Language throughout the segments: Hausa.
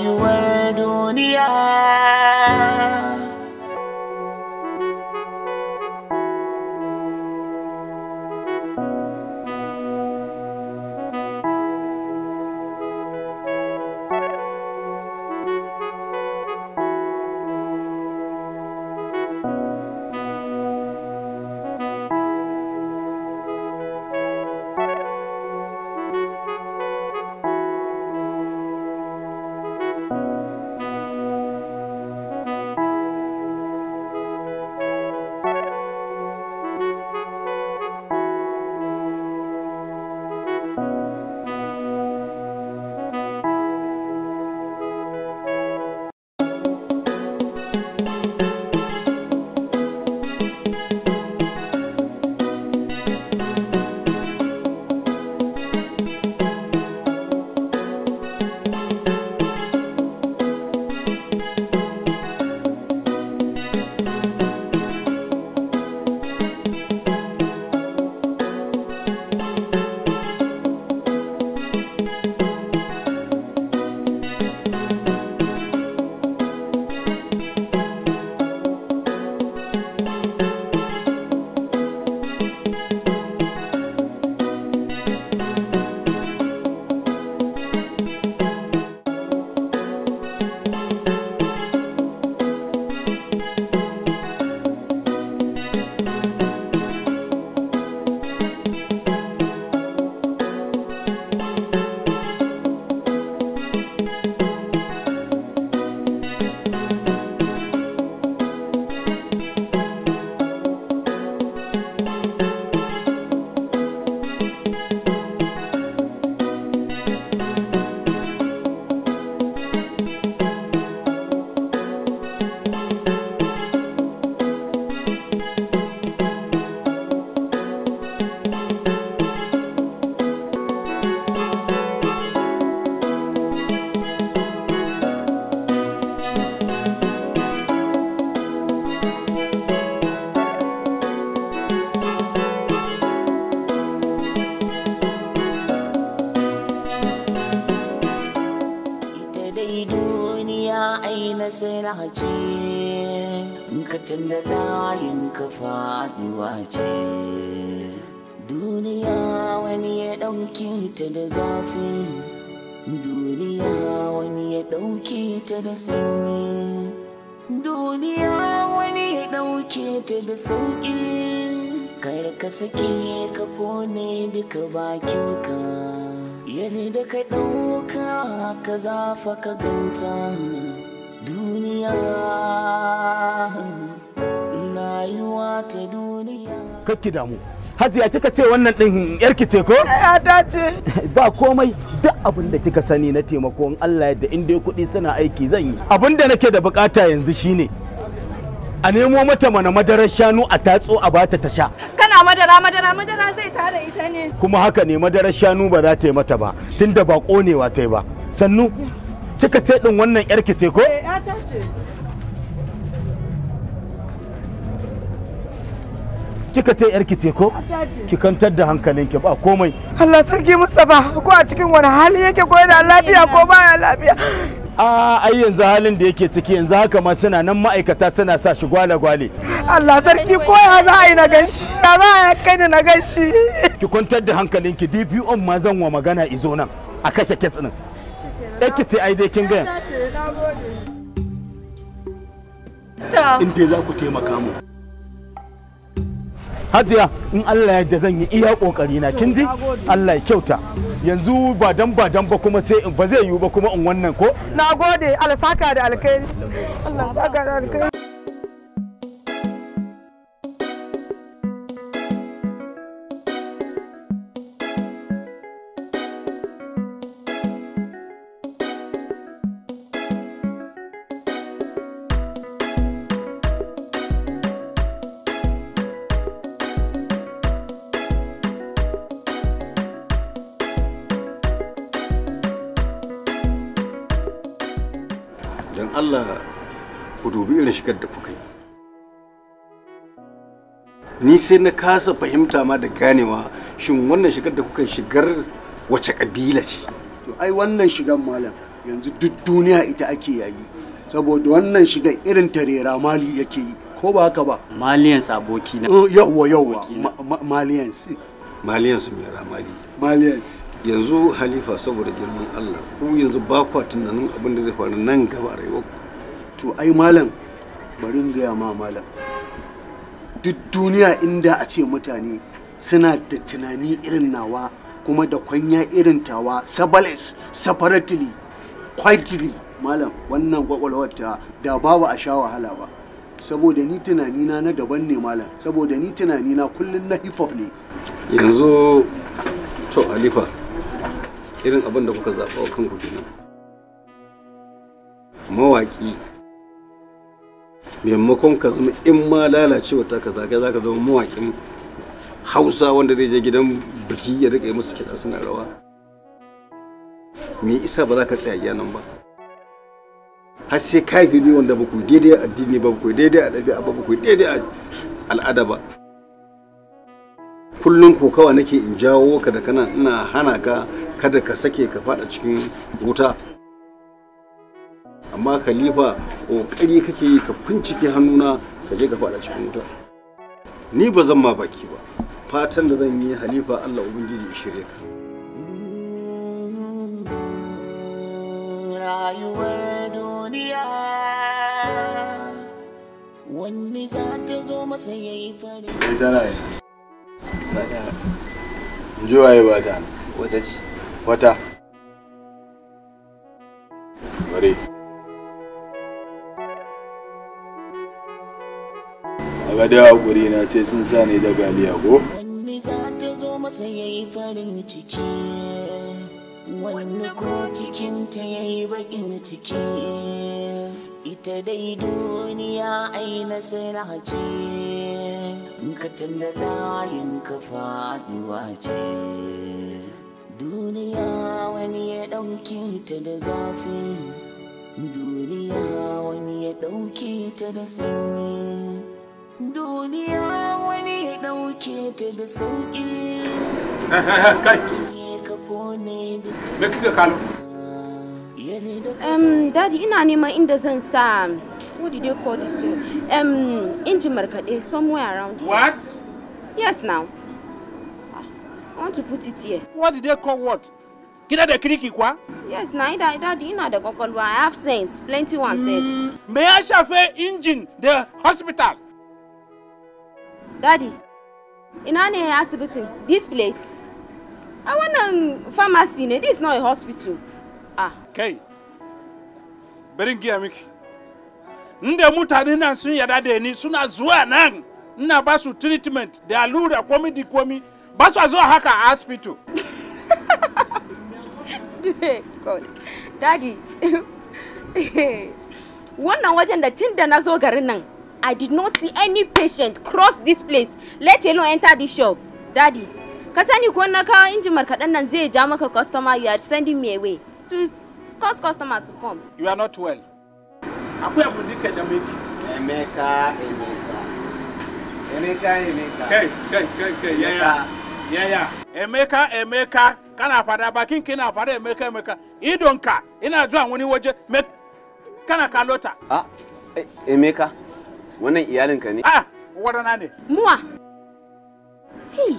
you the duniya sake ka kone duka bakinka yare da ka ɗauka ka zafa ka ganta duniya rayuwa ta duniya kakki damu hajiya kika ce wannan ɗin yarki ce ko? Eh, ya dace ba komai duk abin da kika sani na taimako in Allah yadda inda ya kuɗi suna aiki zan yi abin da nake da bukata yanzu shine a nemo mata mana madarar shanu a tatso a bata ta sha tana madara madara madara zai tare ita ne kuma haka ne madarar shanu ba za ta yi mata ba tunda ba konewa ta yi ba sannu kika ce din wannan yarki ce ko eh ta ce kika ce yarki ce ko ki kantar da ki ba komai Allah sarki mustafa ko a cikin wani hali yake ko yana lafiya ko baya lafiya a ai yanzu halin da yake ciki yanzu haka ma suna nan ma'aikata suna sa shi gwale-gwale Allah sarki ko ya za a yi na ganshi ya za a kai ni na ganshi ki kwantar da hankalinki DPO ma zan wa magana izo nan a kashe kes din ki ce ai dai kin ga in za ku taimaka mu hajiya in Allah ya da zan yi iya kokari na kin ji Allah ya kyauta yanzu ba dan ba dan ba kuma sai ba zai yiwu ba kuma in wannan ko nagode alsaka da alkairi Allah saka da Allah ku dubi irin shigar da kuka yi ni sai na kasa fahimta ma da ganewa shin wannan shigar da kuka shigar wace kabila ce to ai wannan shigar malam yanzu duk duniya ita ake yayi saboda wannan shigar irin tarera mali yake yi ko ba haka ba malians aboki na oh, yawwa yawwa malians malians mai ramali malians yanzu halifa saboda girman Allah ku yanzu ba kwa tunanin abin da zai faru nan gaba rayuwar rayuwarku to ai malam bari in gaya ma malam duk duniya inda a ce mutane suna da tunani irin nawa kuma da kwanya irin tawa sabales separately quietly malam wannan kwakwalwar ta da babu a sha wahala ba saboda ni tunani na na daban ne malam saboda ni tunani na kullum na hip hop ne yanzu to halifa irin abin da kuka zaɓa wa kanku kenan mawaƙi maimakon ka zama in ma lalacewa ta ka zaga za ka zama mawaƙin hausa wanda zai je gidan biki ya rika musu kiɗa suna rawa me isa ba za ka tsaya nan ba har sai ka yi kafiri wanda ba ku daidai a addini ba ku daidai a ɗabi'a ba ku daidai a al'ada ba kullum kokawa nake in jawo ka da kana ina hana ka kada ka sake ka faɗa cikin wuta amma khalifa ƙoƙari kake yi ka binciki hannuna ka je ka faɗa cikin wuta ni ba zan ma baki ba fatan da zan yi halifa Allah ubangiji shirye ka rayuwar wani za ta zo masa ya yi fari Juwaye ba ta wata ce wata bare daga da gurina na sai sun sa ni da galiya ko wani za ta zo masa yayi farin ciki wani ko cikin ta yayi bakin ciki ita dai duniya ai na ce kacin da layin ka faduwa ce duniya wani ya ɗauke ta da zafi duniya wani ya ɗauke ta da sanyi duniya wani dauke ta da sauki me kika kalo um daddy ina neman inda zan sa what did you call this to um injin markade somewhere around here. what yes now ah, i want to put it here what did they call what kina da kiriki kwa? Yes, na ida daddy ina da kwakwalwa. I have sense, plenty one mm, Me ya shafe injin da hospital. Daddy, ina ne asibitin? This place? A wannan pharmacy ne, this is not a hospital. Ah. Kai, barin giya miki. Inda mutane nan sun yada da ni suna zuwa nan, ina ba su treatment da allura komi di komi, ba su zuwa haka a hospital. God. Daddy, wannan wajen da tun da na zo garin nan, I did not see any patient cross this place let alone enter the shop. Daddy, ka sani ko na kawo injin markaɗen nan zai ja maka customer you are sending me away to cause customer to come. You are not well. Akwai abu dika da miki. Emeka, Emeka. Emeka, Emeka. Kai, kai, kai, kai, yaya. Yaya. Emeka, Emeka. Kana fada bakin kina fada Emeka, Emeka. Idonka, ina zuwa wani waje. Kana kalota. Ah, eh, Emeka. Wannan iyalinka ne? Ah, warana ne. Muwa. Hey.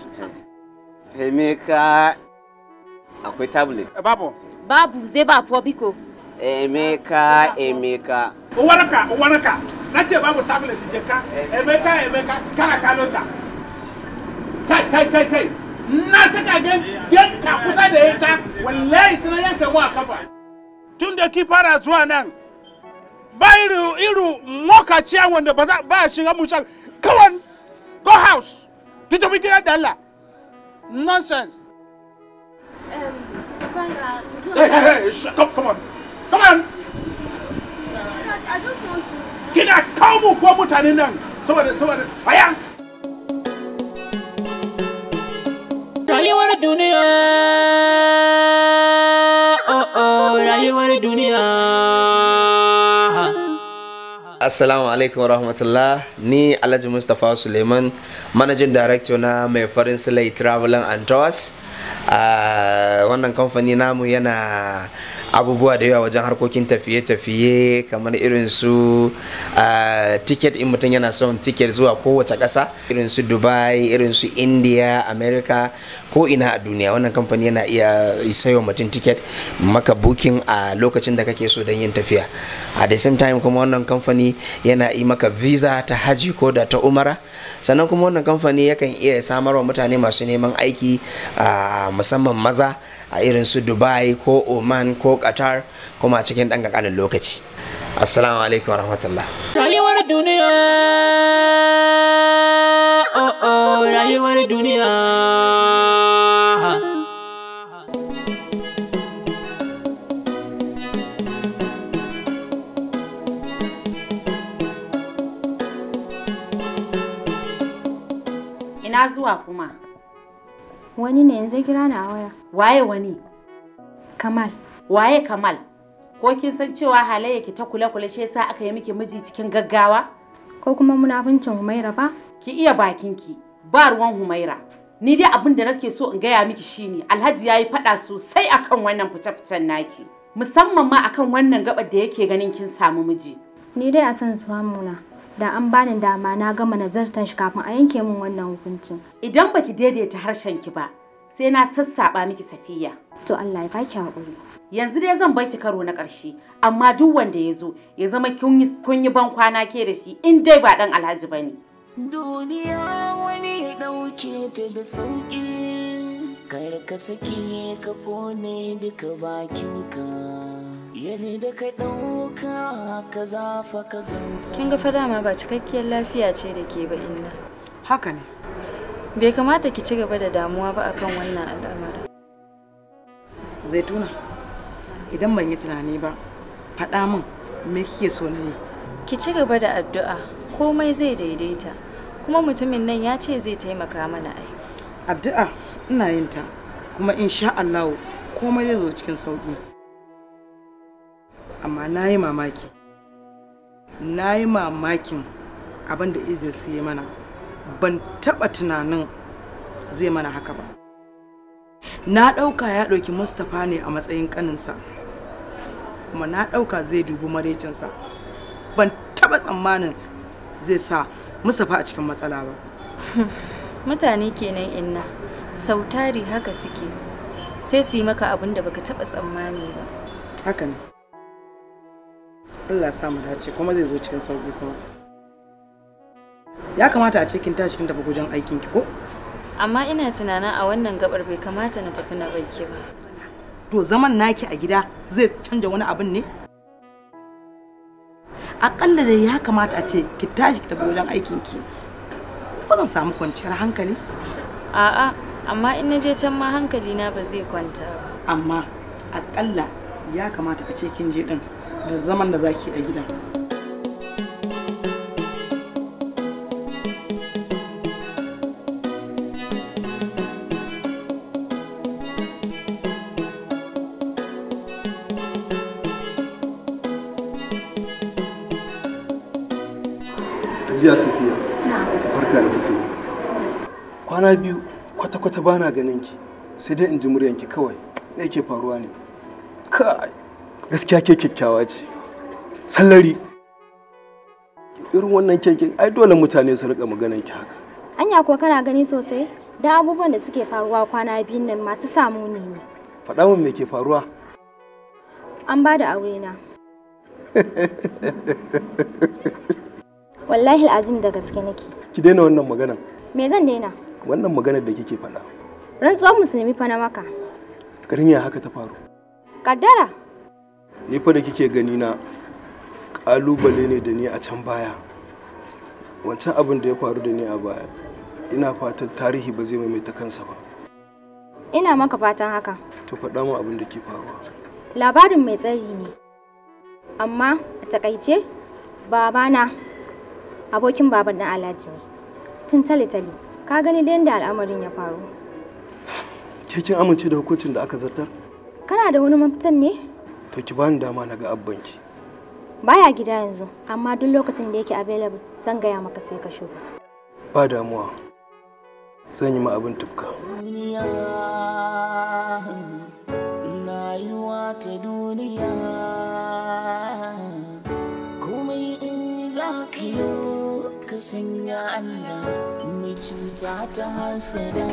Emeka akwai tablet. Eh, babu. Babu zai ba fuwa biko. Emeka, eh, Emeka. Eh, uwarka, uwarka. Na ce babu tablet je ka. Emeka, Emeka, kana ka ta. Kai, kai, kai, kai. Na saka gen ka kusa da ita. Wallahi suna yanka mu a kafa. Tun da ki fara zuwa nan, ba iru iru mokaciya wanda ba za ba shiga mushan kawan go house ki tafi gidan da Allah nonsense um, Hey, hey, hey, shut come on. Come on! I just want to... Kina kawo mu ko mutanen nan saboda saboda bayan rayuwar duniya oh oh rayuwar duniya assalamu alaikum rahmatullah ni alhaji mustapha suleiman managing director na mai farin silai traveling and tours wannan kamfani namu yana abubuwa da yawa wajen harkokin tafiye-tafiye kamar irin su tiket in mutum yana son tiket zuwa kowace ƙasa irin su dubai irin su india america ko ina a duniya wannan kamfani yana iya sayo mutum tiket maka bukin a lokacin da kake so don yin tafiya a the same time kuma wannan kamfani yana yi maka visa ta haji ko da ta umara sannan kuma wannan kamfani yakan iya samarwa mutane masu neman aiki a a musamman maza a irin su dubai ko oman ko qatar kuma cikin ɗan kakanin lokaci assalamu alaikum warahmatullah rayuwar duniya oh oh rayuwar duniya ina zuwa kuma Wani ne yanzu kira ni a waya. Waye wani? Kamal. Waye Kamal? Ko kin san cewa halayya ki ta kula-kula shi yasa aka yi miki miji cikin gaggawa? Ko kuma munafincin Humaira ba? Ki iya bakinki, ba ruwan Humaira. Ni dai abin da nake so in gaya miki shine Alhaji ya yi faɗa sosai akan wannan fice-ficen naki. Musamman ma akan wannan gabar da yake ganin kin samu miji. Ni dai a san zuwa muna. da an bani dama na gama nazartan shi kafin a yanke min wannan hukuncin. Idan baki daidaita harshen ki ba, sai na sassaba miki safiya. To Allah ya baki haƙuri. Yanzu dai zan baki karo na ƙarshe, amma duk wanda ya zo ya zama kun yi ban kwana ke da shi in dai ba ɗan Alhaji ba ne. Duniya wani ya ɗauke ta da sauƙi, kar ka sake ka ƙone duka bakinka. yani ka ganta kin ga fa dama ba cikakkiyar lafiya ce da ke ba inna haka ne bai kamata ki ci gaba da damuwa ba akan wannan al'amarin zaituna idan ban yi tunani ba faɗa min me kike so na yi ki ci gaba da addu'a komai zai daidaita kuma mutumin nan ya ce zai taimaka mana ai addu'a ina yin ta kuma insha Allah komai zai zo cikin sauƙi. amma na yi mamaki na yi mamakin abin da idris ya mana ban taɓa tunanin zai mana haka ba na ɗauka ya ɗauki mustapha ne a matsayin kaninsa kuma na ɗauka zai dubi marecinsa ban taɓa tsammanin zai sa mustapha a cikin matsala ba mutane kenan inna sautari haka suke sai su yi maka abin da baka taɓa tsammani ba haka ne Allah sa mu dace kuma zai zo cikin sauki kuma ya kamata a ce kin tashi kin tafi gujen aikin ki ko amma ina tunanin a wannan gabar bai kamata na tafi na barke ba to zaman naki a gida zai canja wani abin ne Aƙalla da ya kamata a ce ki tashi ki tafi wajen aikin ki ko zan samu kwanciyar hankali a'a amma in naje can ma hankali na ba zai kwanta ba amma akalla ya kamata a ce kin je din da zaman da zaki a gidan Hajiya Safiya. Barka da fito. Kwana biyu kwata-kwata bana ganin ki. Sai dai in ji muryanki kawai. Me yake faruwa ne? Kai, gaskiya ke kyakkyawa ce sallari irin wannan kekin ai dole mutane su rika maganar ki haka anya ko kana gani sosai da abubuwan da suke faruwa kwana biyun nan masu samu ne ne faɗa min me ke faruwa an ba da aure na wallahi azim da gaske nake ki daina wannan maganar. me zan daina wannan maganar da kike faɗa rantsuwar musulmi fa na maka garin ya haka ta faru kaddara ni fa da kike gani na kalubale ne da ni a can baya wancan abin da ya faru da ni a baya ina fatan tarihi ba zai maimaita kansa ba ina maka fatan haka to faɗa mu abin da ke faruwa labarin mai tsari ne amma a takaice babana abokin baban na alhaji ne tun tale-tale ka gani da yadda al'amarin ya faru ke kin amince da hukuncin da aka zartar kana da wani mafitan ne to ki bani dama na ga abbanki baya gida yanzu amma duk lokacin da yake available zan gaya maka sai ka shigo ba damuwa zan yi ma abin tufka rayuwa ta duniya komai in za ka yi ka sanya Allah mai ta hasada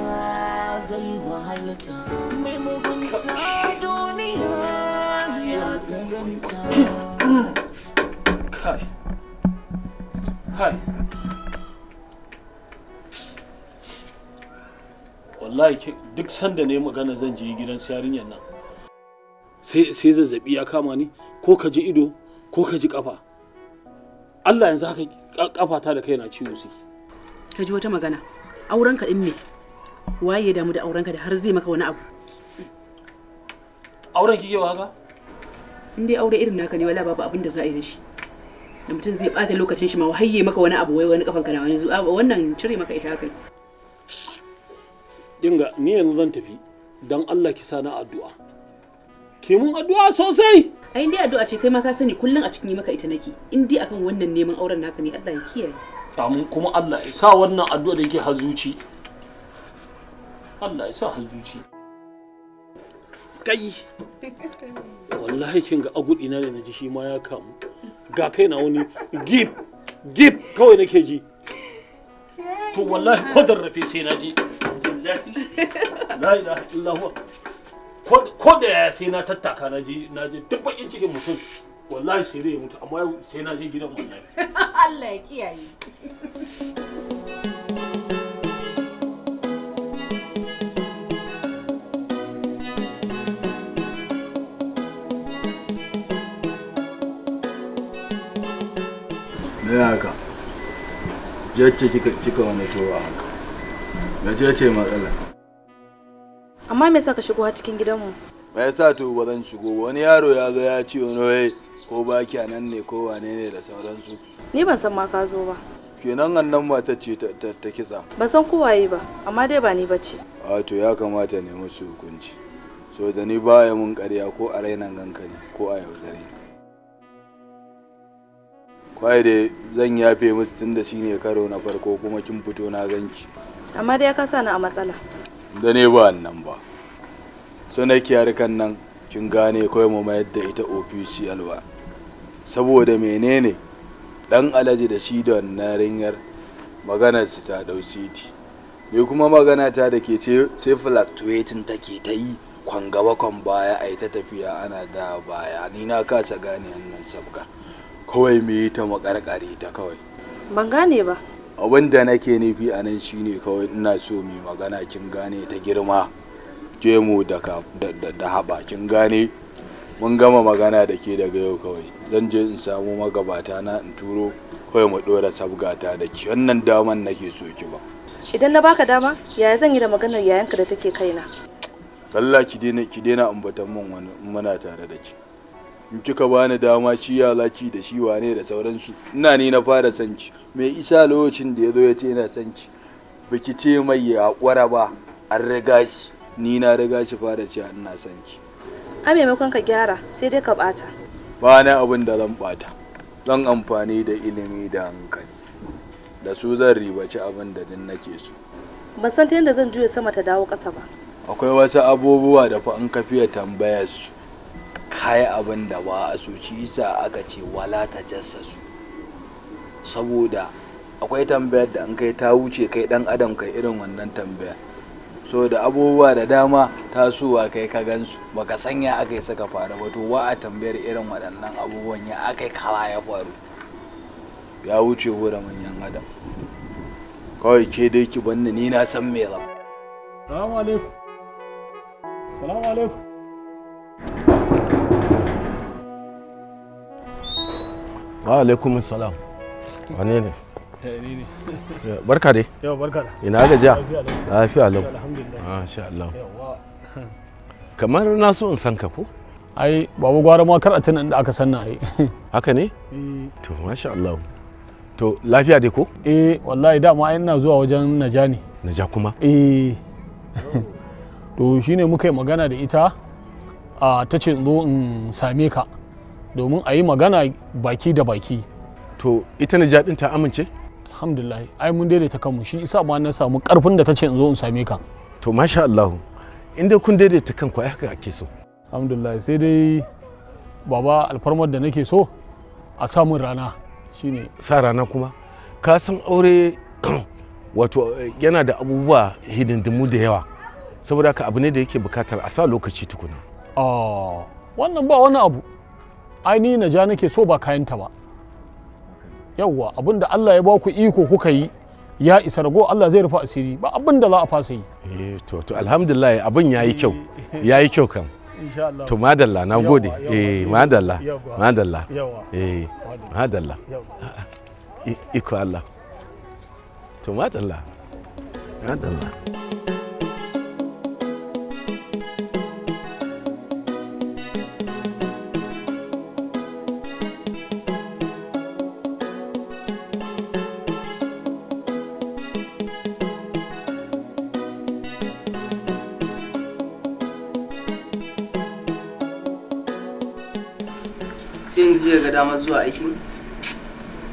zai wahalta mai mugunta duniya Kai. Kai. Wallahi duk sanda ne magana zan je gidan yarinyar nan. Sai zazzaɓi ya kama ni ko ka ji ido ko ka ji kafa. Allah yanzu haka ƙafata da kai na ciwo suke. Ka ji wata magana. aurenka ka din me? Waye ya damu da aurenka, da har zai maka wani abu? Auren kike wa haka? in dai aure irin naka ne wala babu abin da za a yi da shi da mutum zai bata lokacin shi ma wahayye maka wani abu wai wani kafanka na wani zuwa wannan cire maka ita haka dinga ni yanzu zan tafi dan Allah ki sa na addu'a ke mun addu'a sosai ai dai addu'a ce kai ma ka sani kullun a cikin yi maka ita nake in dai akan wannan neman auren naka ne Allah ya kiyaye amin kuma Allah ya sa wannan addu'a da yake zuci Allah ya sa zuci kai wallahi kin ga agudi na da naji shi ma ya kamu ga kai na wani gib gib kawai nake ji to wallahi ko rafi sai na je la ilaha illallah huwa ko da ya sai na tattaka na je na je duk bakin cikin mutum wallahi sai dai ya mutu amma sai na je gidan wallahi Allah ya kiyaye me haka jacce kika kika wani a haka me jacce matsala amma me yasa ka shigo cikin gidanmu me yasa to ba zan shigo wani yaro ya zo ya ce wani wai ko ba a nan ne ko wane ne da sauransu ni ban san ma ka zo ba kenan annan matar ce ta kisa ban san ko waye ba amma dai ba ni bace wato ya kamata ne musu hukunci so da ni baya mun karya ko a rainan gankali ko a yaudare kwaye da zan yafe musu tun da shi ne karo na farko kuma kin fito na ganki amma dai ka sani a matsala da ne ba nan ba so na harkan nan kin gane kawai mu mayar da ita official ba saboda menene dan alaji da shi da wannan rinyar maganar su ta dau city me kuma magana ta da ke sai fluctuating take ta yi kwan gaba kwan baya a ta tafiya ana da baya ni na kasa gane wannan sabgar kawai me ta makarƙare ta kawai ban gane ba abin da nake nufi a nan shine kawai ina so mai magana kin gane ta girma jemu da haba kin gane mun gama magana da ke daga yau kawai zan je in samu magabata na in turo kawai mu ɗora sabgata da ki wannan daman nake so ki ba idan na baka dama yaya zan yi da maganar yayanka da take kaina Allah ki daina ki daina ambatan mun wani muna tare da ki in kika bani dama shi ya laki da shi wane da sauransu ina ni na fara sanki mai isa lokacin da ya zo ya ce ina sanki biki ce mai ya kwara ba an riga shi ni na riga shi fara ce ina sanki a maimakon ka gyara sai dai ka bata ba na abin da zan bata zan amfani da ilimi da hankali da su zan ribaci abin da din nake so ban san ta yadda zan juya sama ta dawo ƙasa ba akwai wasu abubuwa da fa an kafiya tambayar su kayi abin da ba a soci sa aka ce wala ta su? saboda akwai tambayar da an kai ta wuce kai dan adam kai irin wannan tambaya so da abubuwa da dama ta tasowa kai ka gansu baka sanya aka yi saka faru ba to wa a tambayar irin waɗannan abubuwan ya aka kawa ya faru ya wuce hura manyan adam kawai ke dai ki banni ni na san me zama salamu alaikum salamu alaikum wa alaikum salam wane ne eh, eh, barka dai yau barka da ina gajiya lafiya lau alhamdulillah sha Allah kamar na so in san ka ko ai babu gwara ma kar a tana inda aka sanna ai haka ne eh. to masha Allah to lafiya dai ko eh wallahi dama ai ina zuwa wajen naja ne naja kuma eh to shine muka yi magana da ita a ah, ta ce zo in same ka domin a yi magana baki da baki to ita na jaɗin ta amince alhamdulillah ai mun daidaita kanmu shi isa ma na samu karfin da ta ce in zo in same ka to masha Allah inda kun daidaita kanku ai haka ake so alhamdulillah sai dai baba alfarmar da nake so a samun rana shine sa rana kuma ka san aure wato yana da abubuwa hidindimu da yawa saboda haka abu ne da yake bukatar a sa lokaci tukuna ah, wannan ba wani abu aini na ja nake so ba kayanta ba yawwa abin da Allah ya ba ku iko kuka yi ya isa rago Allah zai rufa asiri ba abin da za a fasa yi eh to to alhamdulillah abin yayi kyau eh. yayi kyau kan insha Allah to madalla na gode eh, eh madalla madalla eh madalla iko Allah to madalla madalla damar zuwa aiki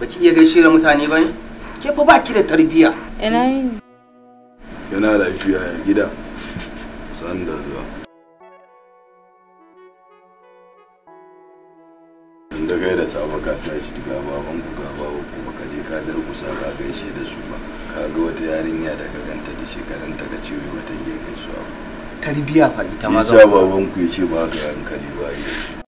ba ki iya gaishe da mutane ba ne ke fa ba ki da tarbiya ina yi yana lafiya ya gida san da zuwa in da sabon kafin shi tashi ga baban ku ga bawo kuma ka je ka dar kusa ka gaishe da su ba ka ga wata yarinya daga ganta da shekarun ta ga cewa wata gefe su tarbiya fa ita ma ba baban ku ya ce ba ga hankali ba yi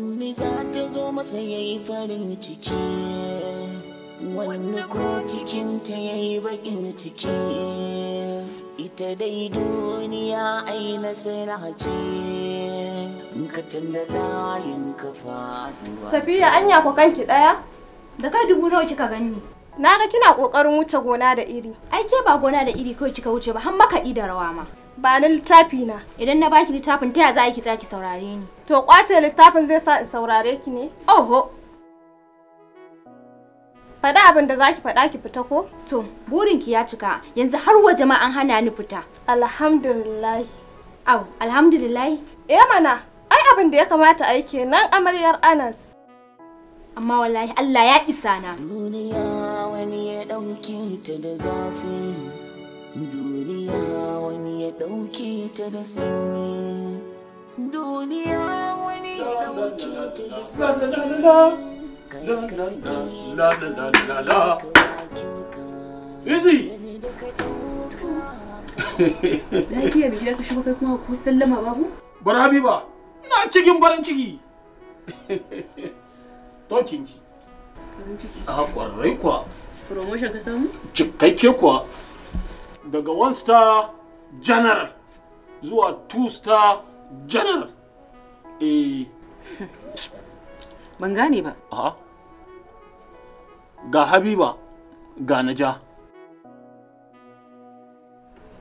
wanne za ta zo masa ya yi farin ciki wanne ko cikinta ya yi bakin ciki ita dai duniya ai na ce Ka da layin ka faduwa safiya anya ku kanki ɗaya? da kai dubu nawa kika gani na ga kina kokarin wuce gona da iri ai ke ba gona da iri kawai kika wuce ba har makaɗi da rawa ma ba na littafi na idan na baki littafin ta za ki zaki saurare ni to kwace littafin zai sa in saurare ki ne oho Fada abin da zaki faɗa ki fita ko to burin ki ya cika yanzu har waje ma an hana ni fita alhamdulillah au alhamdulillah eh mana ai abin da ya kamata ai kenan amaryar anas amma wallahi Allah ya isa na duniya wani ya ɗauke ta da zafi duniya wani ya ɗauke ta da sanyi duniya wani ya ɗauke ta da sanyi Easy! ina cikin farin ciki. Tokin ji. Farin ciki. A ah, kwarai kuwa. Promotion ka samu? Cikakke kuwa. daga one star general zuwa two star general eh ban gane ba a ga habiba ga naja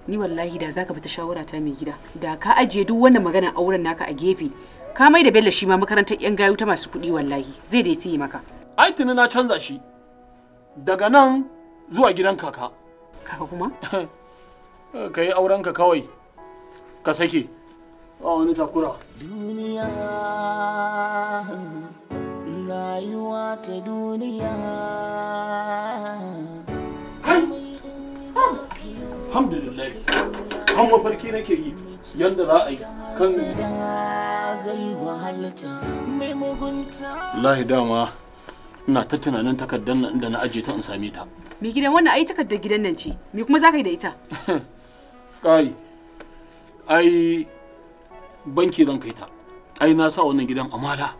ni wallahi da zaka bata shawara ta mai gida da ka ajiye duk wannan magana auren naka a gefe ka mai da bello shi ma makarantar yan gayu ta masu kuɗi wallahi zai da fiye maka ai tuni na canza shi daga nan zuwa gidan kaka kaka kuma ka yi aurenka kawai ka sake a wani takura duniya rayuwa ta duniya kai ah! alhamdulillah kan mafarki nake yi yadda za a yi kan lahi dama ina ta tunanin takardar nan da na aje ta in same ta mai gidan wannan ai takardar gidan nan ce me kuma za ka yi da ita kai ai banki zan kai ta ai na sa wannan gidan amala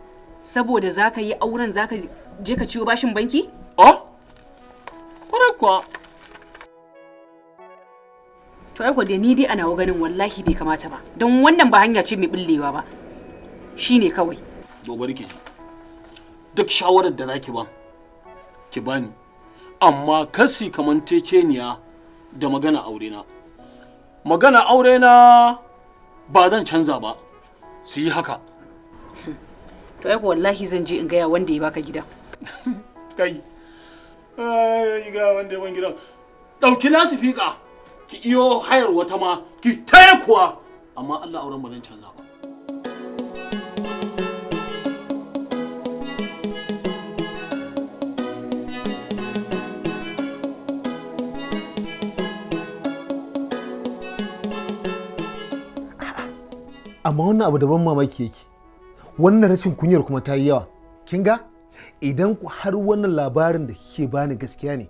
saboda za ka yi auren zaka je ka ciwo bashin banki oh kwarai kuwa to ai da ni dai ana wa ganin wallahi bai kamata ba don wannan ba hanya ce mai billewa ba shine kawai dogon ke duk shawarar da zaki ba, ki bani amma kasi kamanteceniya da magana aure na magana aure na ba zan canza ba su yi haka to ai wallahi zan je in gaya wanda ya baka gida kai ai ga wanda ya ban gidan dauki lasifika ki iyo hayar wata ma ki taya kuwa amma Allah auren ba zan canza ba amma wannan abu daban mamaki yake wannan rashin kunyar kuma ta yi yawa kin ga idan ku har wannan labarin da kike bani gaskiya ne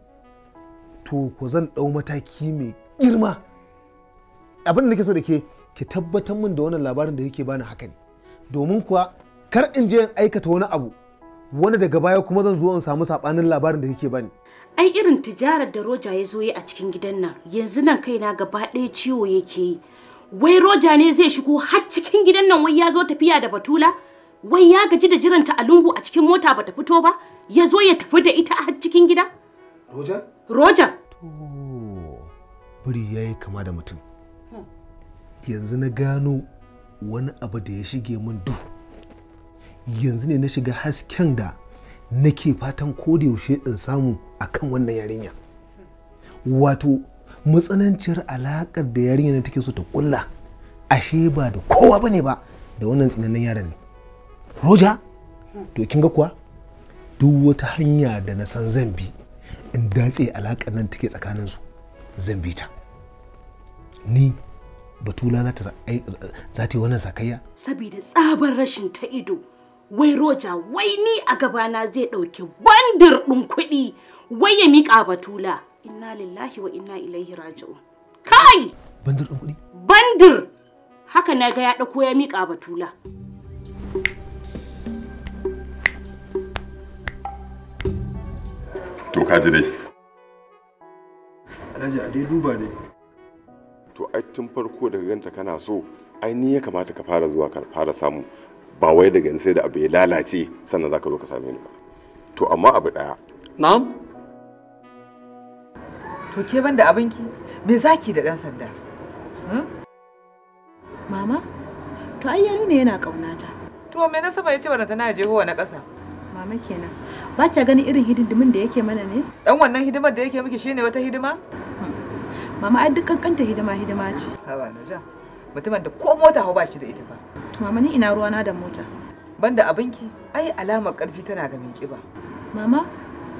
to ku zan ɗau mataki mai girma abin da nake so da ke ki tabbatar min da wannan labarin da kike bani haka ne domin kuwa kar in je in aikata wani abu wani daga baya kuma zan zo in samu sabanin labarin da kike bani ai irin tijarar da roja ya zo yi a cikin gidan nan yanzu nan kaina gaba ɗaya ciwo yake yi wai roja ne zai shigo har cikin gidan nan wai ya zo tafiya da batula wai ya gaji da jiranta a lungu a cikin mota bata fito ba ya zo ya tafi da ita har cikin gida roja roja to buri yayi kama da mutum yanzu na gano wani abu da ya shige min du yanzu ne na shiga hasken da nake fatan ko yaushe in samu akan wannan yarinya wato matsananciyar alaƙar da yarinya ne take so ta kulla ashe ba da kowa ba ne ba da wannan tsinannen yaran ne roja to kin ga kuwa duk wata hanya da na san zan bi in datse alaƙar nan take tsakanin su zan bi ta ni batula za ta za ta yi wannan sakayya saboda tsabar rashin ta ido wai roja wai ni a gabana zai ɗauki bandir ɗin kuɗi wai ya miƙa batula inna lillahi wa inna ilaihi raji'un kai bandir din kuɗi bandir haka na ga ya ɗauko ya miƙa batula to ka ji dai alhaji a dai duba ne. to ai tun farko daga ganta kana so ai ni ya kamata ka fara zuwa ka fara samu ba wai daga sai da abu ya lalace sannan zaka zo ka same ni ba to amma abu daya na'am To ke banda abinki me zaki da ɗan sanda? Hmm? Mama, to ai ya nuna yana ƙaunata. To me na saba ya ce wa tana je wa na ƙasa? Mama kenan. Ba kya ganin irin hidindimin da yake mana ne? Dan wannan hidimar da yake miki shine wata hidima? Hmm. Mama ai duk kankanta hidima hidima ce. Haba na ja. Mutumin da ko mota hau ba shi da ita fa. Mama ni ina ruwana da mota. Banda abinki, ai alamar ƙarfi tana ga mai ƙiba. Mama,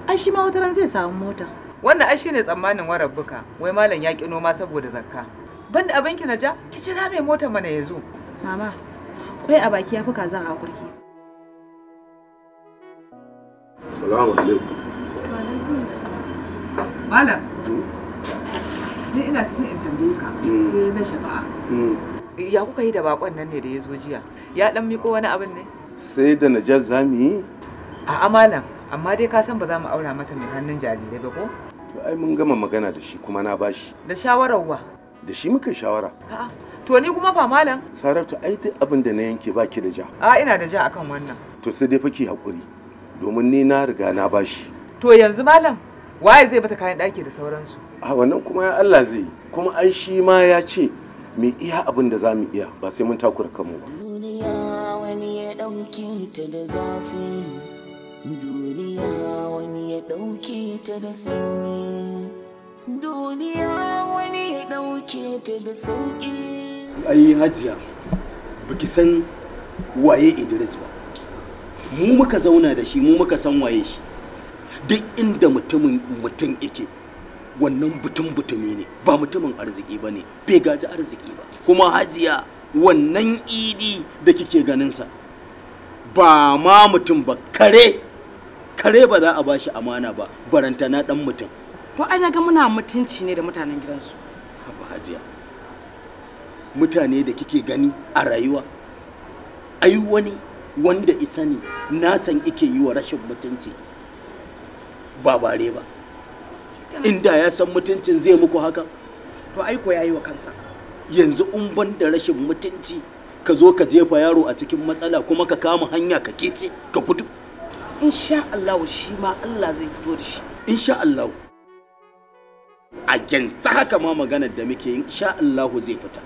ai shi ma wataran zai samu mota. wannan ai shine tsammanin warabbuka wai malam ya ki noma saboda zakka banda abin ki na ja ki jira mai mota mana ya zo mama kai a baki ya fi kaza a assalamu alaikum malam hmm? ni ina son in tambaye ka hmm. sai na shafa'a hmm. ya kuka yi da bakon nan ne da ya zo jiya ya dan miko wani abin ne sai da najar zamu yi a'a malam amma dai ka san ba za mu aura mata mai hannun jarirai ba ko to ai mun gama magana da shi kuma na bashi da shawarar wa da shi muka shawara a'a to ni kuma ba malam saratu ai duk abin da na yanke baki da ja a ina da ja akan wannan to sai dai fa ki hakuri domin ni na riga na bashi to yanzu malam waye zai bata kayan ɗaki da sauransu a wannan kuma ya Allah zai kuma ai shi ma ya ce me iya abin da za mu iya ba sai mun takura kanmu ba duniya wani ya ɗauke ta da zafi duniya wani ya ɗauke ta da sanyi duniya wani ya ɗauke ta da sauƙi ai hajiya baki san waye idris ba mu muka zauna da shi mu muka san waye shi duk inda mutumin mutum yake wannan butun butume ne ba mutumin arziki ba ne bai gaji arziki ba kuma hajiya wannan idi da kike ganinsa ba ma mutum ba kare kare ba za a shi amana ba barantana dan mutum to ai ga muna mutunci ne da mutanen gidansu haba hajiya mutane da kike gani a rayuwa ai wani wanda isa ne na san ike yi wa rashin mutunci ba bare ba inda ya san mutuncin zai muku haka to ai ko yayi wa kansa yanzu in ban da rashin mutunci ka zo ka jefa yaro a cikin matsala kuma ka kama hanya ka kece ka gudu insha Allah shi ma Allah zai fito da shi insha Allah a gyansa haka ma magana da muke insha Allah zai fita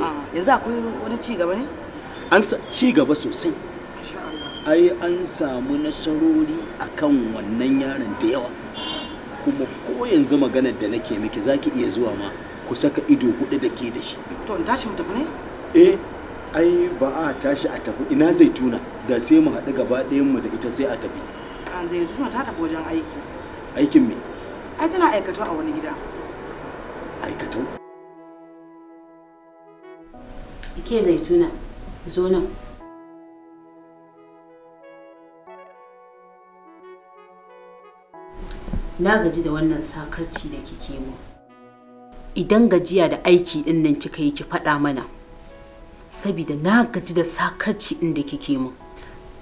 ah, yanzu akwai wani ci gaba ne an ci gaba sosai ai an samu nasarori akan wannan yaron da yawa kuma ko yanzu maganar da nake miki zaki iya zuwa ma ku saka ido hudu da ke da shi to tashi mu tafi ne eh ai ba a tashi a tafi ina zai tuna da sai mu haɗu gaba ɗayan mu da ita sai a tafi an zai tuna ta tafi wajen aiki aikin me ai tana aikatau a wani gida aikatau ke zai tuna zo nan na gaji da wannan sakarci da kike mu idan gajiya da aiki din nan kika yi ki faɗa mana saboda na gaji da sakarci inda kike mu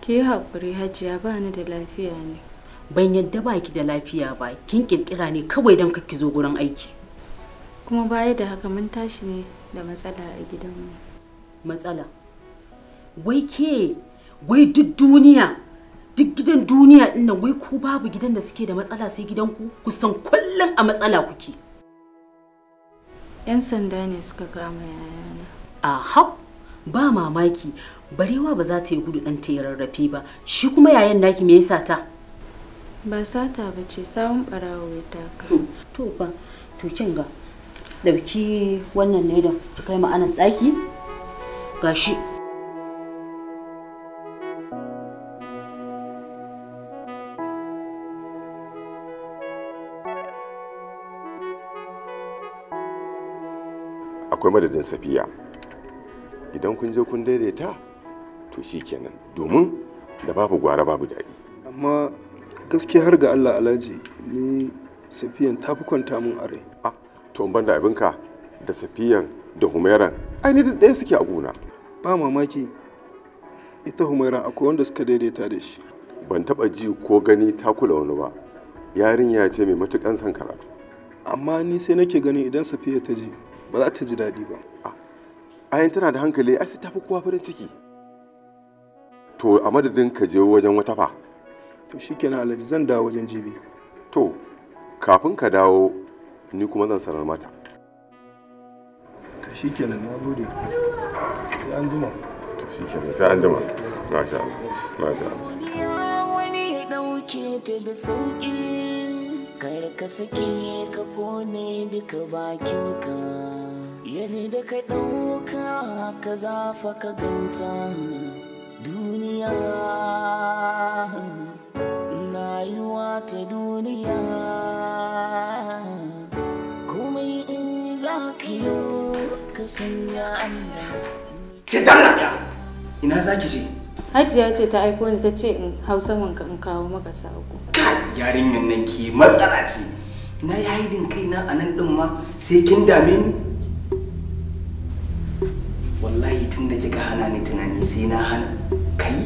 ki yi haƙuri hajiya ba ni da lafiya ne ban yadda ba ki da lafiya ba kin kirkira ne kawai don ki zo gurin aiki kuma baya da haka mun tashi ne da matsala a gidanmu matsala wai ke wai duk duniya duk gidan duniya ɗin wai ku babu gidan da suke da matsala sai gidan ku kusan kullum a matsala kuke 'yan sanda ne suka kama yayana. Aha, ba mamaki barewa ba za ta yi gudu ɗan ta yi rarrafe ba shi kuma yayan naki me yasa ta ba sata ba ce sawun barawo ya taka to fa to kin ga dauki wannan ne da kai ma anas daki gashi akwai madadin safiya idan kun je kun daidaita to shi kenan domin da babu gwara babu daɗi amma gaskiya har ga allah alhaji ni safiyan ta fi kwanta mun a ah to ban da abinka da safiyan da humairan ai ni ɗaya suke a gona ba mamaki ita humairan akwai wanda suka daidaita da shi ban taba ji ko gani ta kula wani ba yarinya ce mai matukan son karatu amma ni sai nake ganin idan safiya ta ji ba za ta ji daɗi ba ah, ayin tana da hankali ai sai ta fi kowa farin ciki to a madadin ka je wajen wata fa to shikenan alhaji zan dawo wajen jibi to kafin ka dawo ni kuma zan sanar mata ka shikenan na gode sai an jima to shikenan sai an jima masha Allah masha Allah wani dauke ta da sauki kar ka sake ka kone duka ka yani da ka ɗauka ka zafa ka ganta duniya rayuwa ta duniya kuma in za ka yi ka sanya Allah ke dalla ina za ki je Hajiya ce ta aiko ni ta ce in hausa wanka in kawo maka sako. Kai yarinyar nan ke matsala ce. Na yi din kaina a nan ɗin ma sai kin dame ni. wallahi tun da kika hana ni tunani sai na hana kai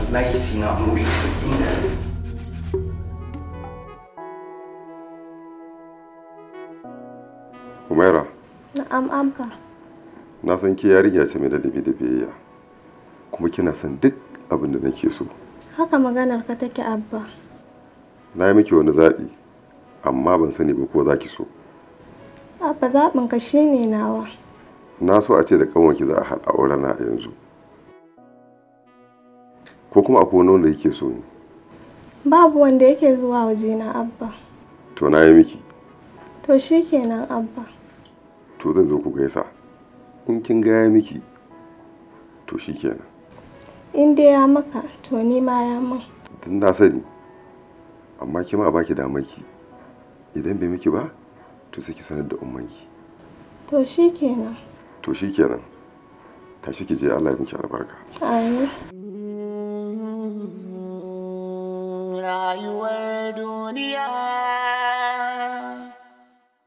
wallahi sai na more tunani Umaira. Na'am amfa. Na san ke yarinya ce mai dabi da biyayya. Kuma kina san duk abin da nake so. Haka maganar ka take abba. Na yi miki wani zaɓi, amma ban sani ba ko za ki so. zaɓin ka shi ne nawa. Na so a ce da ƙanwanki za a haɗa aure na yanzu. Ko kuma akwai wani wanda yake so ne? Babu wanda yake zuwa waje na Abba. To na yi miki. To shi kenan Abba. To zan zo ku gaisa. In kin gaya miki, to shi kenan. In dai ya maka, to ni ma ya min. Tun na sani, amma kima baki damaki. Idan bai miki ba, to sai ki sanar da ummanki to shikenan to shikenan tashi ki je Allah ya miki albarka amin rayuwar duniya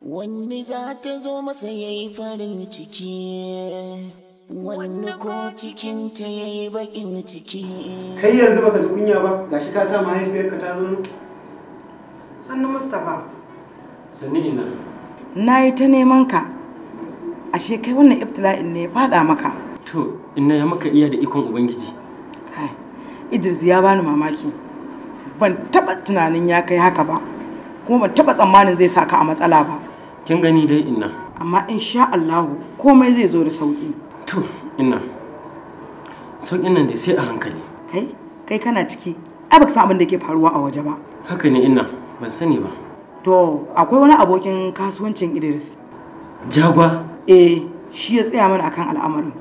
wani za ta zo masa ya yi farin ciki wani ko cikin ta ya yi bakin ciki kai yanzu baka ji kunya ba gashi ka sa mahaifiyarka ta zo sannu mustapha sannu ina na yi ta neman ka ashe kai wannan iftila'in ne ya fada maka to ina ya maka iya da ikon ubangiji kai idris ya bani mamaki ban taba tunanin ya kai haka ba kuma ban taba tsammanin zai saka a matsala ba kin gani dai inna amma insha Allah komai zai zo da sauki to inna sauƙin nan dai sai a hankali kai kai kana ciki ai baka abin da ke faruwa a waje ba haka ne inna ban sani ba To akwai wani abokin kasuwancin Idris. Jagwa? Eh, shi ya tsaya mana akan al'amarin.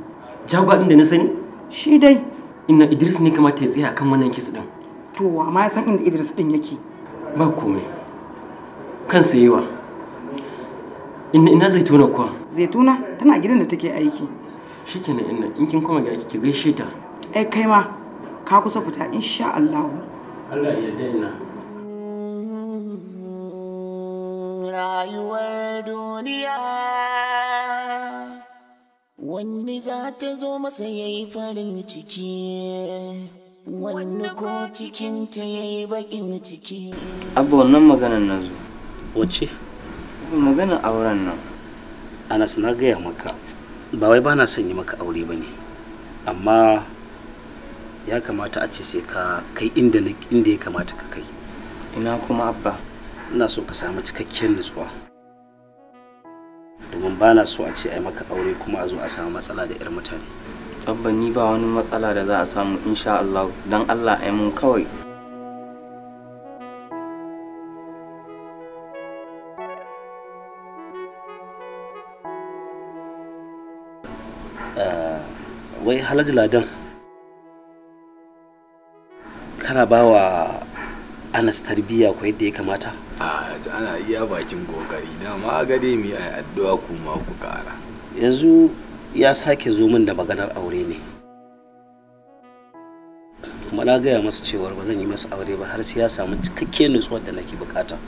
Jagwa ɗin da na sani? Shi dai. Ina Idris ne kamata ya tsaya akan wannan kis ɗin. To, amma ya san inda Idris ɗin yake. Ba komai. Kansa yawa. Inna ina zaituna kuwa? Zaituna tana gidan da take aiki. Shikenan inna in kin koma ga ki gaishe ta. Eh kai ma ka kusa fita insha Allah. Allah ya yarda ina. rayuwar duniya wani za ta zo masa ya yi farin ciki wani ko cikinta ya yi baƙin ciki abu wannan maganar na zo wace maganar auren nan anas na gaya maka ba wai ba na son yi maka aure ba ne amma ya kamata a ce sai ka kai inda ya kamata ka kai ina kuma abba ina so ka samu cikakken nutsuwa domin ba na so a ce ai maka aure kuma a zo a samu matsala da 'yar mutane abba ni ba wani matsala da za a samu insha Allah don Allah ai mun kawai eh, wai halaji ladan kana ba wa anas tarbiyya ko yadda ya kamata a ana iya bakin kokari na ma gade mi ai addu'a kuma ku kara yanzu ya sake zo min da maganar aure ne kuma na gaya masa cewar ba zan yi masa aure ba har sai ya samu cikakken nutsuwar da nake bukata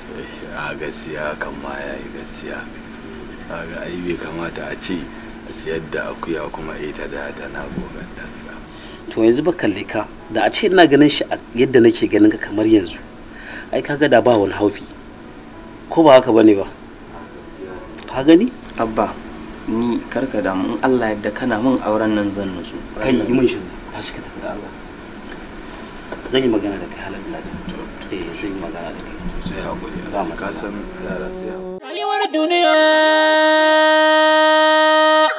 a gaskiya kan ma ya yi gaskiya ga ai bai kamata a ce a siyar da akuya kuma ita da tana gogon to yanzu ba kalle ka da a ce ina ganin shi yadda nake ganin ka kamar yanzu ai kaga da ba wani haufi ko ba haka bane ba ka gani abba ni karka da mun Allah yadda kana mun auren nan zan nutsu kai yi mun shi ka shi ka tafi da Allah zan yi magana da kai halal da eh zan yi magana da kai sai hakuri ba mu ka san yara sai rayuwar duniya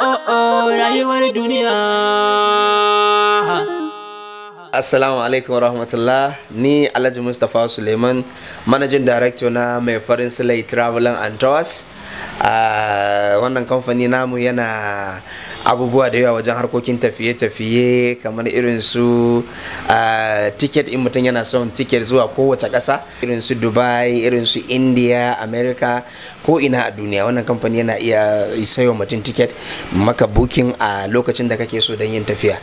oh oh rayuwar duniya assalamu alaikum rahmatullah ni alhaji mustapha suleiman managing director na mai farin silai traveling and tours uh, wannan kamfani namu yana abubuwa da yawa wajen harkokin tafiye-tafiye kamar irin su tiket in mutum yana son tiket zuwa kowace ƙasa irin su dubai irin su india america ko ina a duniya wannan kamfani yana iya sayo mutum tiket maka bukin a lokacin da kake so don yin tafiya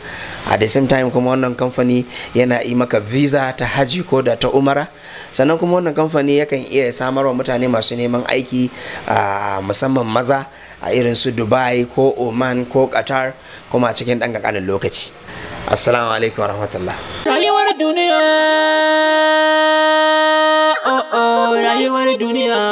a the same time kuma wannan kamfani yana yi maka visa ta haji ko da ta umara sannan kuma wannan kamfani yakan iya samarwa mutane masu neman aiki musamman maza a irin su dubai ko oman ko qatar kuma cikin ɗan kakanin lokaci assalamu alaikum warahmatullah rayuwar duniya oh oh rayuwar duniya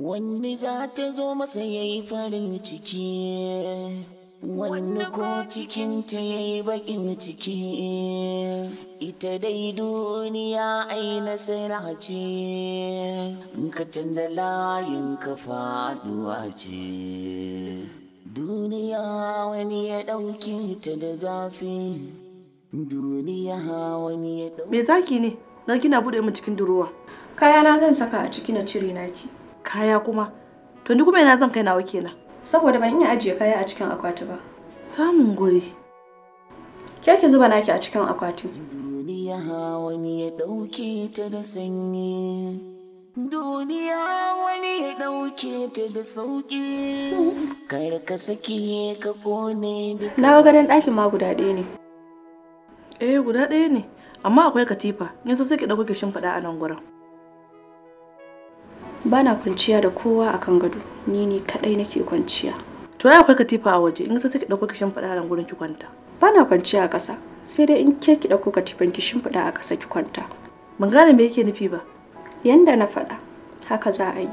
wani za ta zo masa ya yi farin ciki wani ko cikinta ya yi baƙin ciki ita dai duniya ai nasara ce ka canza layin ka faduwa ce duniya wani ya ɗauke ta da zafi duniya wani ya ɗauke me zaki ne na kina buɗe min cikin durowa kaya na zan saka a ciki na cire naki kaya kuma to ni kuma ina zan kai nawa kenan saboda ban iya ajiye kaya a cikin akwati ba. Samun guri. Ke ki zuba naki a cikin akwati. Duniya wani ya dauke ta da sanyi. Duniya wani ya dauke ta da sauƙi. Kar ka saki ka kone duka. Na ga gadon ɗakin ma guda ɗaya ne. Eh guda ɗaya ne, amma akwai katifa, yanzu sai ki ɗauko ki shimfiɗa a nan gurin. bana kwanciya da kowa a kan gado ni ne kadai nake kwanciya to ya akwai katifa a waje in so sai ki dauko ki shimfiɗa a gurin ki kwanta bana kwanciya a ƙasa sai dai in ke ki dauko katifan ki shimfiɗa a ƙasa ki kwanta ban gane me yake nufi ba yanda na faɗa haka za a yi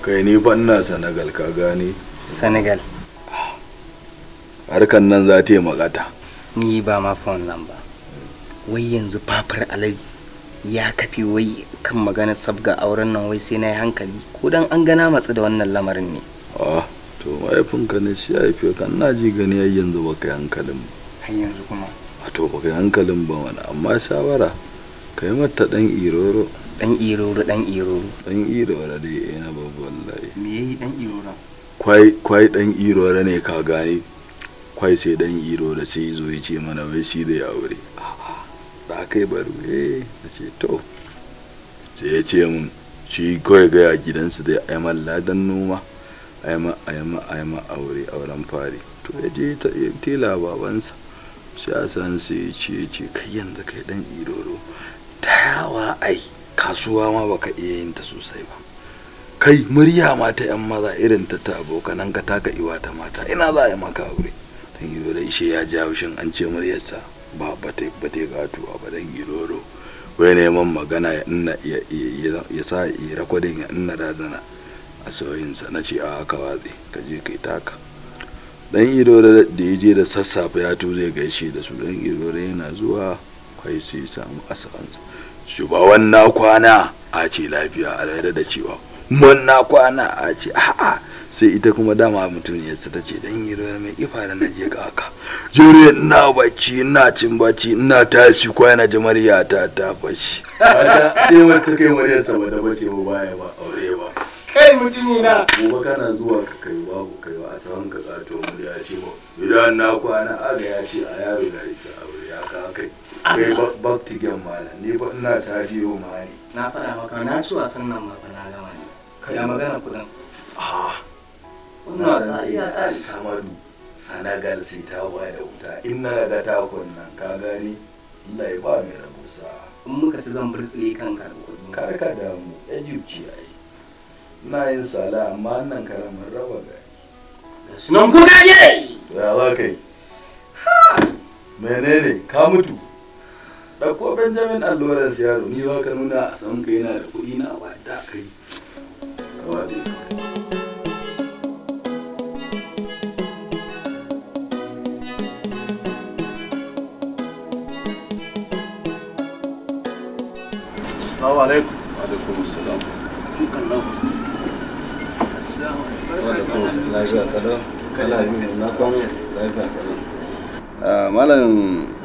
kai ni fa ina Senegal ka gane Senegal harkan nan za ta yi magata ni ba ma fa wannan ba wai yanzu fafar alaji ya tafi wai kan maganar sabga auren nan wai sai na yi hankali ko dan an gana matsu da wannan lamarin ne ah to mahaifinka ne shi haife ka na ji gani ai yanzu ba kai hankalin har yanzu kuma A ah, to ba kai hankalin ba wani amma shawara kai mata dan iroro dan iroro dan iroro dan iroro dai ina eh, babu wallahi me yayi dan iroro kwai kwai dan iroro ne ka gani kwai sai dan iroro sai zo ya ce mana wai shi ya aure da kai baro eh na ce to sai ya ce mun shi kawai gaya gidansu da ya ladan noma ayama a wuri aure auren fari to ya je ta tela babansa sai a san su ya ce ce kai yanzu kai dan iroro tawa ai kasuwa ma baka iya yin ta sosai ba kai murya ma ta yan maza irin ta ta abokanan ka taka iwa ta mata ina za a yi maka aure dan iroro ishe ya ji haushin an ce muryarsa ba ba ta gatu a badan iloro wai neman magana ya sa yi rakodin ya ina razana a soyinsa na ce a haka watsi ka je kai taka dan iloro da ya je da sassafe ya tu zai gaishe da su dan iloro yana zuwa kai su yi samu shi ba na kwana a ce lafiya a da cewa mun na kwana a ce a'a sai ita kuma dama mutum ya ta ce dan yi mai kifa da na je ka haka jure ina bacci ina cin bacci ina tashi ko yana ji murya ta ta bacci. sai wata kai muryar sa ba da bace ba baya ba aure ba kai mutumi na gobe kana zuwa ka kai babu kai ba a san ka kato murya ce ba idan na kwana aga ya ce a yaro na isa aure ya ka kai kai bakti gyan mala ni ba ina tafi yau ma ne na fara maka na ci wasan nan ma fa na gama ne ya magana kuɗin ah kuna wasa iya ɗan samadu sanagar sai ta waya da wuta in na raga ta kunnan ka gani Allah ya ba mai rabusa in muka ci zan burtsile kan karkuɗi kar ka damu egypt ya yi na yin sala amma nan karamar raba gari sunan ku gaje to ya ba kai yi menene ka mutu ɗauko benjamin allurar yaro ni ba ka nuna a san kai na da kuɗi na wadda kai Assalamu alaikum. Wa alaikum assalam.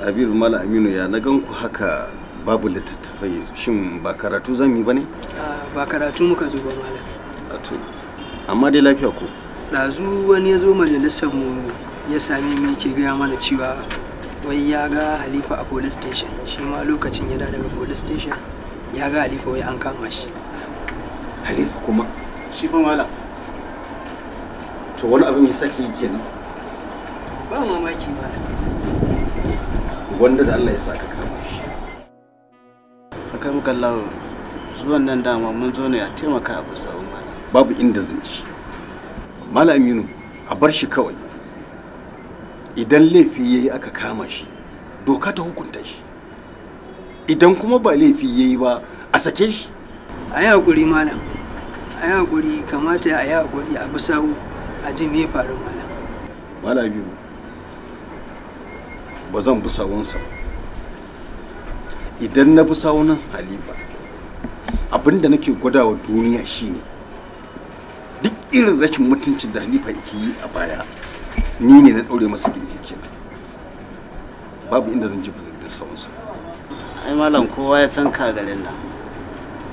Ah, ya ku haka babu littattafai shin ba karatu zan yi ba ne? Ah, ba karatu muka zo ba malam. to Amma dai lafiya ko? Ɗazu wani ya zo majalisar mu ya sami mai ke gaya mana cewa wai ya ga halifa a police station shi ma lokacin ya daga police station ya ga Halifa wai an kama shi Halifa kuma shi fa mala. to wani abin ya saki yi kenan ba mamaki ba wanda da Allah ya sa ka kama shi Akan kallon zuwan nan dama mun zo ne a taimaka a bisa babu inda zan ci Mala Aminu a bar shi kawai idan laifi yayi aka kama shi doka ta hukunta shi idan kuma ba laifi ya yi ba a sake shi a yi haƙuri malam a yi haƙuri kamata a yi haƙuri a bisa a ji me faru malam malam biyu ba zan bi sa ba idan na bi sawunan halifa abinda nake gwada wa duniya shine duk irin rashin mutuncin da halifa yake yi a baya ni ne na ɗaure masa gindi kenan babu inda zan ji ba zan bi sawunsa ba ai malam kowa ya san ka garin nan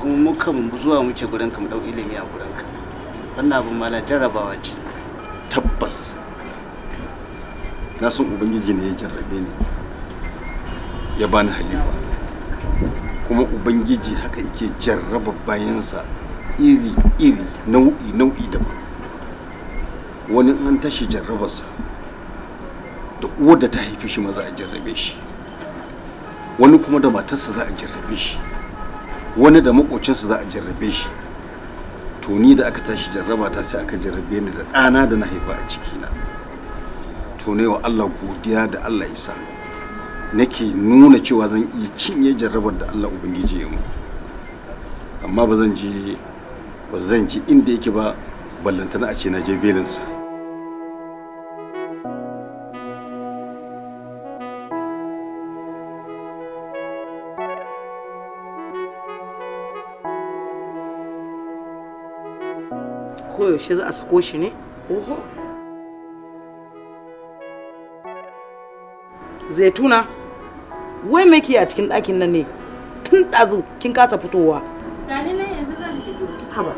kuma muka zuwa muke gurin ka mu dau ilimi a gurin ka wannan abin malam jarrabawa ce tabbas na san ubangiji ne ya jarrabe ni ya bani Halima kuma ubangiji haka yake jarraba bayansa iri iri nau'i nau'i daban wani an tashi jarrabarsa da uwar da ta haife shi maza a jarrabe shi wani kuma da matarsa za a jarrabe shi wani da makocinsa za a jarrabe shi to ni da aka tashi jarraba ta sai aka jarrabe ni da ɗana da na haifa a cikina to ne wa Allah godiya da Allah ya sa nake nuna cewa zan iya cinye jarrabar da Allah ubangiji ya mu amma ba zan je ba zan je inda yake ba ballantana a ce na je belinsa koyaushe za a sako shi ne oho zaituna wai me ke a cikin ɗakin nan ne tun ɗazu kin kasa fitowa gani nan yanzu zan fito haba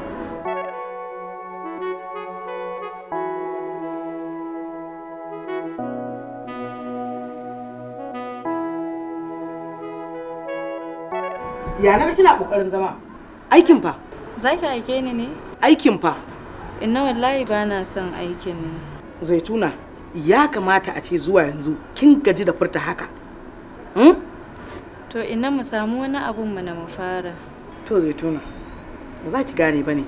ya kina ƙoƙarin zama aikin fa za ka aike ni ne aikin fa Inna wallahi ba na son aikin nan. Zaituna, ya kamata a ce zuwa yanzu kin gaji da furta haka. Hmm? To ina mu samu wani abun mu na mu fara. To Zaituna, ba za ki gane ba ne.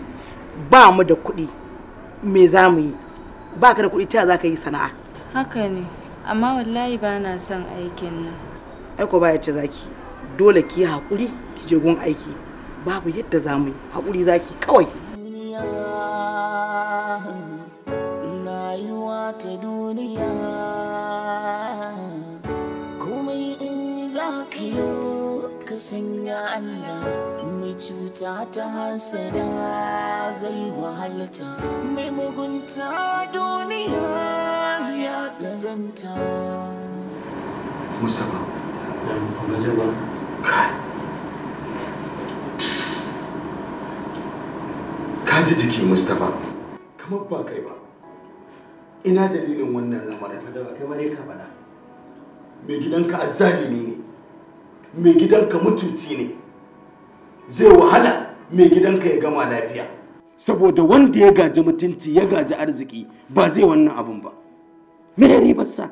Ba mu da kuɗi me za mu yi. Ba ka da kuɗi ta za ka yi sana'a. Haka ne, amma wallahi ba na son aikin nan. Aiko ba ya ce za ki dole ki yi haƙuri ki je gun aiki. Babu yadda za mu yi, haƙuri za ki kawai. ta ta da zai wahalta mai mugunta duniya ya gazanta musa ba ka ji jiki mustapha kamar ba kai ba ina dalilin wannan lamarin da ba kai mare ka faɗa mai gidanka azzalimi ne mai gidanka mutuci ne zai wahala mai gidanka ya gama lafiya saboda wanda ya gaji mutunci ya gaji arziki ba zai wannan abun ba me ribarsa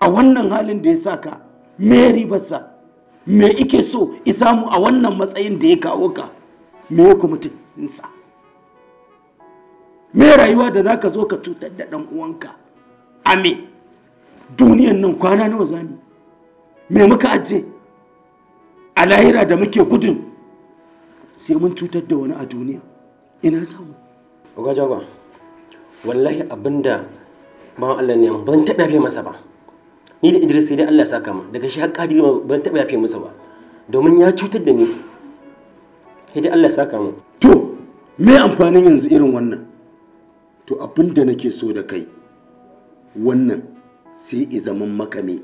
a wannan halin da ya sa ka me ribarsa me ike so isamu a wannan matsayin da ya kawo ka me ya kuma tunsa me rayuwa da za ka zo ka cutar da ɗan uwanka ame duniyan nan kwana nawa zami me muka ajiye a lahira da muke gudun sai mun cutar da wani a duniya ina samu ga jagwa wallahi abinda bawan Allah ne ban taɓa yafe masa ba ni da Idris sai dai Allah saka mu daga shi har kadiri ban taɓa yafe masa ba domin ya cutar da ni sai dai Allah saka mu to me amfanin yanzu irin wannan to abinda nake so da kai wannan sai i zaman me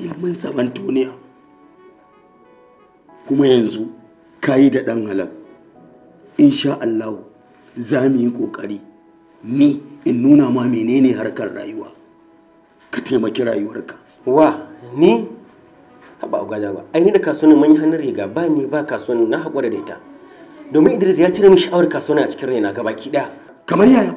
ilmin zaman duniya kuma yanzu kayi da ɗan halak insha Allah za mu yi ƙoƙari ni in nuna ma menene harkar rayuwa ka taimaki rayuwarka wa ni haba gwaja ba ai da kasuwanin manyan hannun riga ba ni ba kasuwanin na haƙura da ita domin Idris ya cire min sha'awar kasuwanin a cikin raina gaba baki ɗaya kamar yaya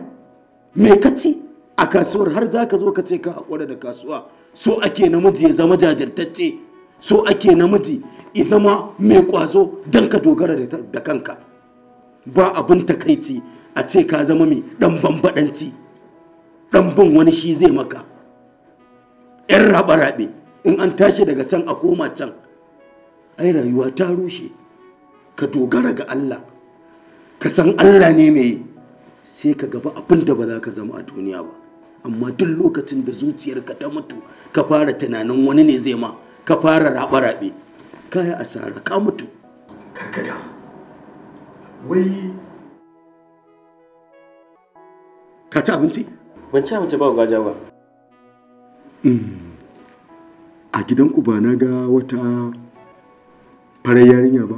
me ka ci a kasuwar har za ka zo ka ce ka haƙura da kasuwa so ake namiji ya zama jajirtacce so ake namiji i zama mai kwazo don ka dogara da kanka ba abin takaici a ce ka zama mai dan bambadanci dan bin wani shi zai maka yan rabe-rabe in an tashi daga can a koma can ai rayuwa ta rushe ka dogara ga allah ka san allah ne mai sai ka gaba abin da ba za ka zama a duniya ba amma duk lokacin da zuciyarka ta mutu ka fara tunanin wani ne zai ma ka fara rabe raɓe kaya asara ka mutu karkata wai ka ci abinci ban ci abinci ba gaja ba mm. a gidanku ba na ga wata farar yarinya ba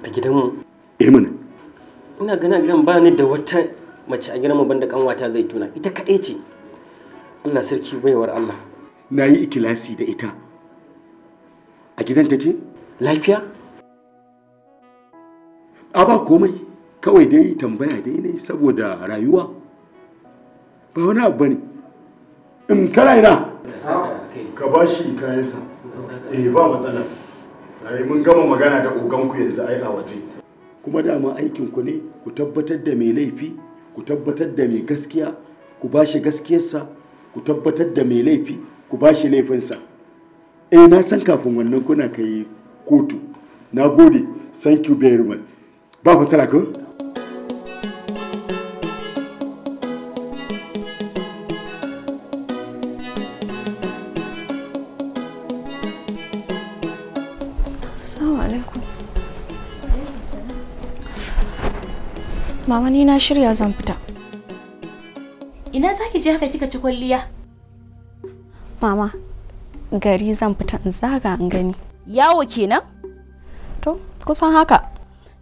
a gidanmu eh mana ina gana gidan ba ni da wata mace a gidanmu banda kanwata zai tuna ita kaɗai ce Allah sarki baiwar Allah na yi ikilasi da ita a gidan take lafiya a ba komai kawai dai tambaya dai ne saboda rayuwa ba wani abu ne in kana ina ka ba shi kayansa eh ba matsala ai mun gama magana da oganku yanzu ai a waje kuma dama aikin ku ne ku tabbatar da mai laifi ku tabbatar da mai gaskiya ku ba shi gaskiyarsa ku tabbatar da mai laifi ku ba shi laifinsa eh na san kafin wannan kuna kai kotu na gode thank you very much ba fasara ko Mama ni na shirya zan fita. Ina zaki je haka kika ci kwalliya? mama gari zan fita in zaga in gani yawo kenan to kusan haka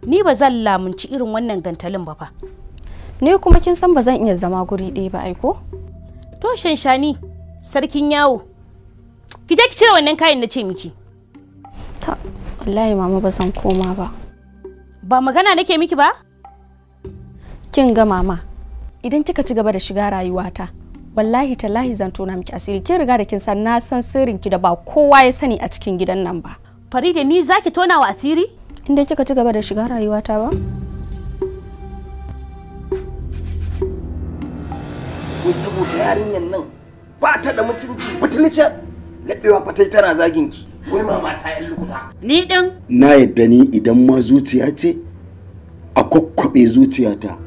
ni ba zan lamunci irin wannan gantalin ba fa ni kuma kin san ba zan iya zama guri ɗaya ba aiko to shanshani sarkin yawo ki ki cire wannan kayan na ce miki ta wallahi mama ba zan koma ba ba magana nake miki ba kin ga mama idan kika ci gaba da shiga rayuwata wallahi tallahi zan tona miki asiri kin riga da kin san na san sirrin ki da ba kowa ya sani a cikin gidan nan ba Farida ni zaki tona wa asiri inda kika ci gaba da shiga rayuwata ba wai saboda yarinyar nan ba ta da mutunci butulciyar laɓewa yi tana zagin ki wai mama ta yi lukuta ni din na yadda ni idan ma zuciya ce a kwakwabe zuciyata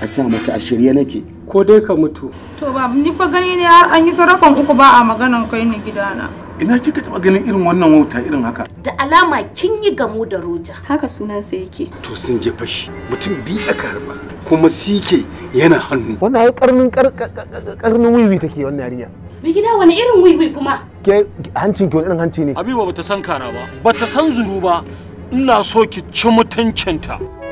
a sa mata a shirye nake ko dai ka mutu to ba ni fa gani ne har an yi sarrafan uku ba a maganan kai ne gidana ina kika taba ganin irin wannan wauta irin haka da alama kin yi gamo da roja haka sa yake to sun je fashi mutum bi a harba kuma sike yana hannu wannan ai karnin karnin wiwi take wannan yarinya bi gida wani irin wiwi kuma ke hancin ki wani irin hanci ne habiba bata san kana ba bata san zuru ba ina so ki ci mutuncinta